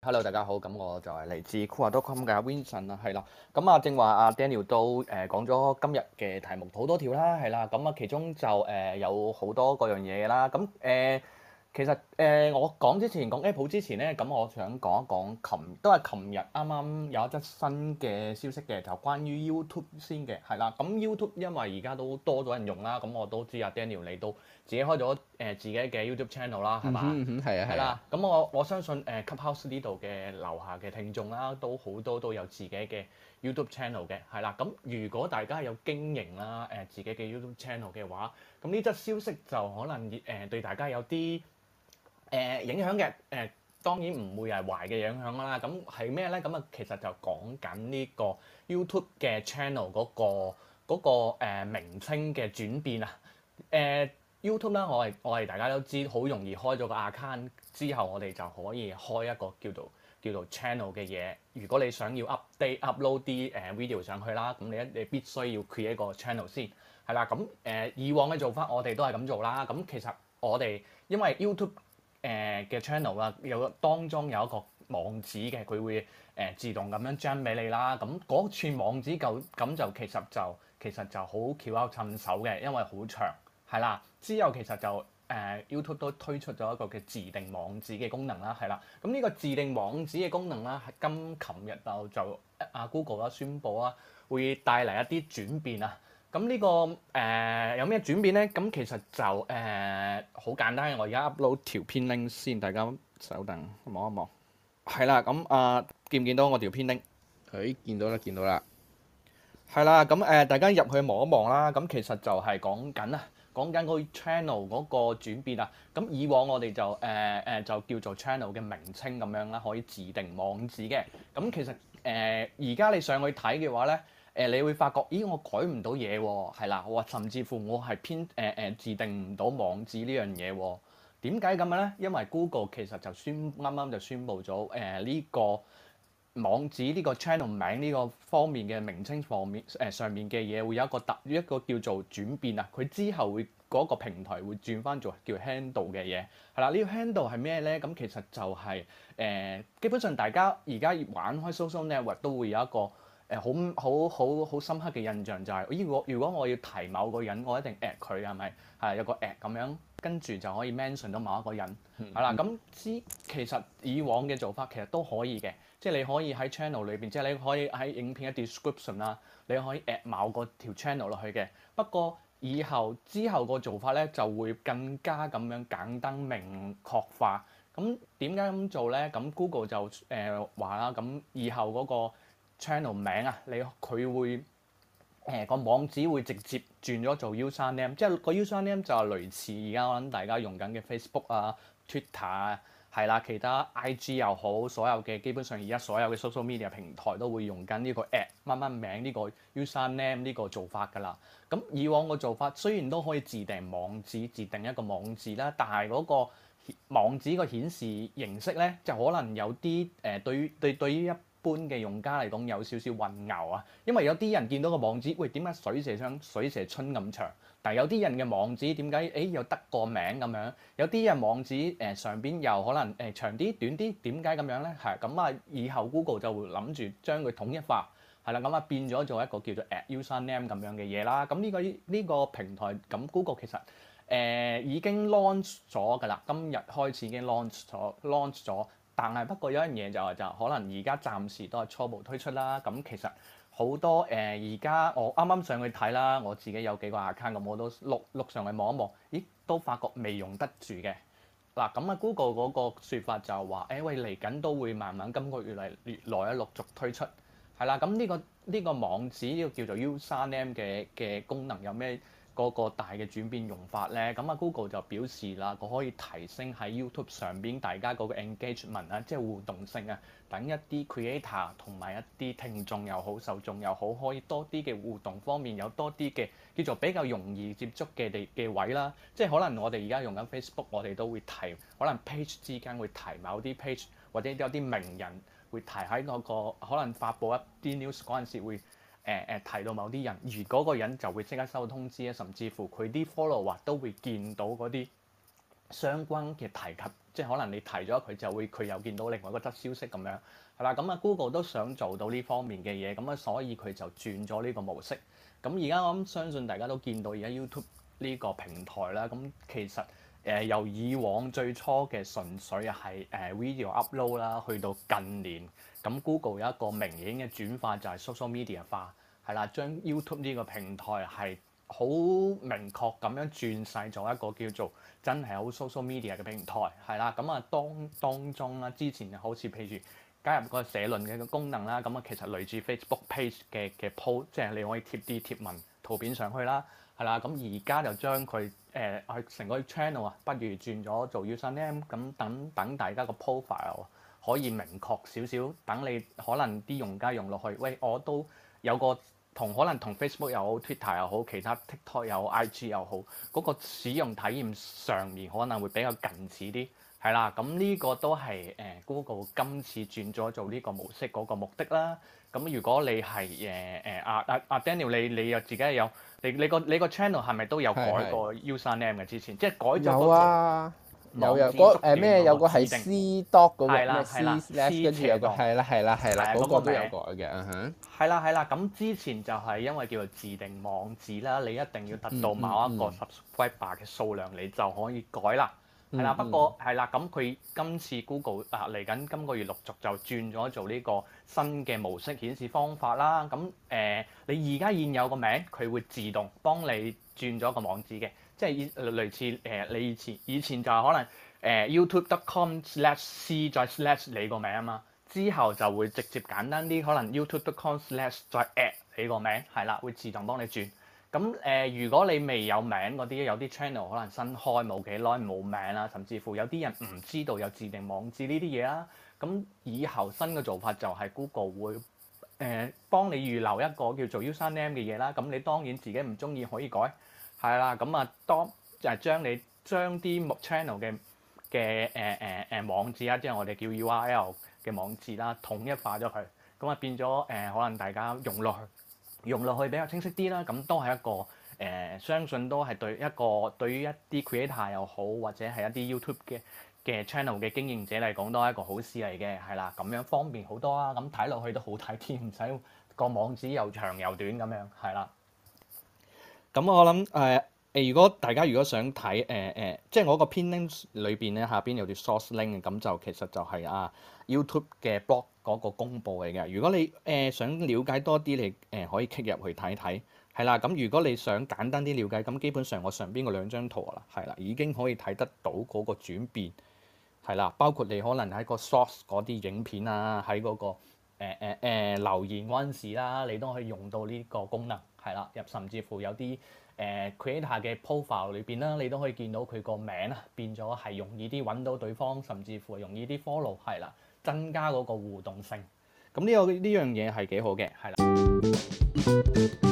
Hello，大家好，咁我就係嚟自酷玩多 com 嘅 Vincent 啦，係啦，咁啊正話啊 Daniel 都誒講咗今日嘅題目好多條啦，係啦，咁啊其中就誒有好多各樣嘢啦，咁誒。其實誒、呃，我講之前講 Apple 之前呢，咁、嗯、我想講一講琴都係琴日啱啱有一則新嘅消息嘅，就關於 YouTube 先嘅，係啦。咁 YouTube 因為而家都多咗人用啦，咁我都知阿 Daniel 你都自己開咗誒自己嘅 YouTube channel 啦，係嘛？嗯係、嗯嗯嗯嗯、啊，係啦、嗯。咁、啊啊嗯、我我相信誒、呃、Clubhouse 呢度嘅樓下嘅聽眾啦，都好多都有自己嘅 YouTube channel 嘅，係啦。咁、嗯、如果大家有經營啦誒、呃、自己嘅 YouTube channel 嘅話，咁、嗯、呢則消息就可能誒、呃、對大家有啲誒、呃、影響嘅誒當然唔會係壞嘅影響啦。咁係咩咧？咁啊、嗯，其實就講緊呢個 YouTube 嘅 channel 嗰、嗰個嗰、嗰個、呃、名稱嘅轉變啊。誒 YouTube 啦，呃、YouTube 呢我係我係大家都知好容易開咗個 account 之後，我哋就可以開一個叫做叫做 channel 嘅嘢。如果你想要 update upload 啲誒 video 上去啦，咁你一你必須要 create 一個 channel 先係啦。咁誒、嗯呃、以往嘅做法，我哋都係咁做啦。咁、嗯、其實我哋因為 YouTube。誒嘅 channel 啦，有當中有一個網址嘅，佢會誒自動咁樣 send 俾你啦。咁嗰串網址就咁就其實就其實就好巧妙趁手嘅，因為好長係啦。之後其實就誒、呃、YouTube 都推出咗一個叫「自定網址」嘅功能啦，係啦。咁、這、呢個自定網址嘅功能啦，今琴日就就阿 Google 啦宣佈啦，會帶嚟一啲轉變啊。咁呢、這個誒、呃、有咩轉變呢？咁其實就誒好、呃、簡單嘅。我而家 upload 條片 link 先，大家稍等望一望。係啦，咁啊見唔見到我條片 link？誒，見到啦，見到啦。係啦，咁、嗯、誒，大家入去望一望啦。咁其實就係講緊啊，講緊個 channel 嗰個轉變啊。咁以往我哋就誒誒、呃、就叫做 channel 嘅名稱咁樣啦，可以自定網址嘅。咁其實誒而家你上去睇嘅話呢。誒、呃，你會發覺，咦，我改唔到嘢喎，係、啊、啦，我甚至乎我係編誒誒自定唔到網址、啊、樣呢樣嘢喎，點解咁嘅咧？因為 Google 其實就宣啱啱就宣布咗誒呢個網址呢、這個 channel 名呢、這個方面嘅名稱方面誒、呃、上面嘅嘢會有一個特一個叫做轉變啊，佢之後會嗰、這個平台會轉翻做叫 handle 嘅嘢，係、啊、啦，這個、呢個 handle 係咩咧？咁、嗯、其實就係、是、誒、呃、基本上大家而家玩開 social network 都會有一個。誒好好好好深刻嘅印象就係、係，咦？我如果我要提某個人，我一定 at 佢係咪係有個 at 咁樣，跟住就可以 mention 到某一個人係啦。咁之、嗯、其實以往嘅做法其實都可以嘅，即係你可以喺 channel 裏邊，即係你可以喺影片嘅 description 啦、啊，你可以 at 某個條 channel 落去嘅。不過以後之後個做法咧就會更加咁樣簡單明確化。咁點解咁做咧？咁 Google 就誒話啦，咁、呃、以後嗰、嗰個。channel 名啊，你佢會誒個、呃、網址會直接轉咗做 username，即係個 username 就係類似而家我諗大家用緊嘅 Facebook 啊、Twitter 啊，係啦、啊，其他 IG 又好，所有嘅基本上而家所有嘅 social media 平台都會用緊呢個 app 乜乜名呢、這個 username 呢個做法㗎啦。咁、嗯、以往嘅做法雖然都可以自定網址、自定一個網址啦，但係嗰、那個網址個顯示形式咧，就可能有啲誒、呃、對於對對於一。般嘅用家嚟講有少少混淆啊，因為有啲人見到個網址，喂，點解水蛇春水蛇春咁長？但係有啲人嘅網址點解誒又得個名咁樣？有啲人網址誒、呃、上邊又可能誒長啲短啲，點解咁樣咧？係咁啊，以後 Google 就會諗住將佢統一化，係啦，咁啊變咗做一個叫做 at username 咁樣嘅嘢啦。咁呢、呢個呢、呢個平台咁 Google 其實誒、呃、已經 launch 咗㗎啦，今日開始已經 launch 咗 launch 咗。但係不過有一樣嘢就係、是、就是、可能而家暫時都係初步推出啦。咁其實好多誒，而、呃、家我啱啱上去睇啦，我自己有幾個 account 咁，我都碌碌上去望一望，咦都發覺未用得住嘅嗱。咁啊、嗯、Google 嗰個説法就係話誒喂，嚟緊都會慢慢今個月嚟越來一陸續推出係啦。咁、嗯、呢、這個呢、這個網址呢、這個叫做 username 嘅嘅功能有咩，嗰個大嘅轉變用法呢，咁啊 Google 就表示啦，佢可以提升喺 YouTube 上邊大家嗰個 engagement 啊，即係互動性啊，等一啲 creator 同埋一啲聽眾又好、受眾又好，可以多啲嘅互動方面，有多啲嘅叫做比較容易接觸嘅地嘅位啦。即係可能我哋而家用緊 Facebook，我哋都會提，可能 page 之間會提某啲 page，或者有啲名人會提喺嗰個可能發布一啲 news 嗰陣時會。誒誒提到某啲人，而個人就會即刻收到通知啊，甚至乎佢啲 follow 啊都會見到嗰啲相關嘅提及，即係可能你提咗佢就會佢又見到另外一個則消息咁樣，係啦，咁啊 Google 都想做到呢方面嘅嘢，咁啊所以佢就轉咗呢個模式。咁而家我諗相信大家都見到而家 YouTube 呢個平台啦，咁其實。誒、呃、由以往最初嘅純粹係誒、呃、video upload 啦，去到近年咁 Google 有一個明顯嘅轉化，就係 social media 化，係啦，將 YouTube 呢個平台係好明確咁樣轉曬做一個叫做真係好 social media 嘅平台，係啦，咁、嗯、啊當當中啦，之前好似譬如加入個社論嘅功能啦，咁、嗯、啊其實類似 Facebook page 嘅嘅 post，即係你可以貼啲貼文圖片上去啦，係啦，咁而家就將佢。誒，係成、呃、個 channel 啊，不如轉咗做 username 咁，等等大家個 profile 可以明確少少，等你可能啲用家用落去，喂，我都有個同可能同 Facebook 又好，Twitter 又好，其他 TikTok 又好，I.G. 又好，嗰、那個使用體驗上面可能會比較近似啲。係啦，咁呢個都係誒 Google 今次轉咗做呢個模式嗰個目的啦。咁如果你係誒誒阿阿阿 Daniel，你你又自己有你你個你個 channel 係咪都有改過 U3M 嘅，之前？即係改咗嗰個。有啊，有有改誒咩？有個係 Cdoc 嗰個咩 Cless？跟住有個係啦係啦係啦，嗰個都有改嘅。嗯哼。係啦係啦，咁之前就係因為叫做自訂網址啦，你一定要達到某一個 subscriber 嘅數量，你就可以改啦。係啦，不過係啦，咁佢今次 Google 啊嚟緊今個月陸續就轉咗做呢個新嘅模式顯示方法啦。咁誒、呃，你而家現有個名，佢會自動幫你轉咗個網址嘅，即係、呃、類似誒、呃、你以前以前就可能誒、呃、YouTube.com/slash C 再 slash 你個名啊嘛，之後就會直接簡單啲，可能 YouTube.com/slash 再 at 你個名，係啦，會自動幫你轉。咁誒，如果你未有名嗰啲，有啲 channel 可能新開冇幾耐冇名啦，甚至乎有啲人唔知道有自定網址呢啲嘢啦。咁以後新嘅做法就係 Google 會誒幫、呃、你預留一個叫做 username 嘅嘢啦。咁你當然自己唔中意可以改，係啦。咁啊，當就係將你將啲 channel 嘅嘅誒誒誒網址啊，即係我哋叫 URL 嘅網址啦，統一化咗佢。咁啊變咗誒，可能大家用落去。用落去比較清晰啲啦，咁都係一個誒、呃，相信都係對一個對於一啲 creator 又好，或者係一啲 YouTube 嘅嘅 channel 嘅經營者嚟講，都係一個好事嚟嘅，係啦，咁樣方便好多啊，咁睇落去都好睇啲，唔使個網址又長又短咁樣，係、uh、啦，咁我諗誒。誒，如果大家如果想睇誒誒，即係我個編 link 裏邊咧下邊有啲 source link，咁就其實就係啊 YouTube 嘅 blog 嗰個公佈嚟嘅。如果你誒想了解多啲，你誒可以 click 入去睇睇係啦。咁如果你想簡單啲了解，咁基本上我上邊個兩張圖啦，係啦，已經可以睇得到嗰個轉變係啦，包括你可能喺個 source 嗰啲影片啊，喺嗰個。誒誒誒留言陣時啦，你都可以用到呢個功能，係啦，入甚至乎有啲誒、呃、creator 嘅 profile 裏邊啦，你都可以見到佢個名啊，變咗係容易啲揾到對方，甚至乎容易啲 follow，係啦，增加嗰個互動性。咁呢、呢個呢樣嘢係幾好嘅，係啦。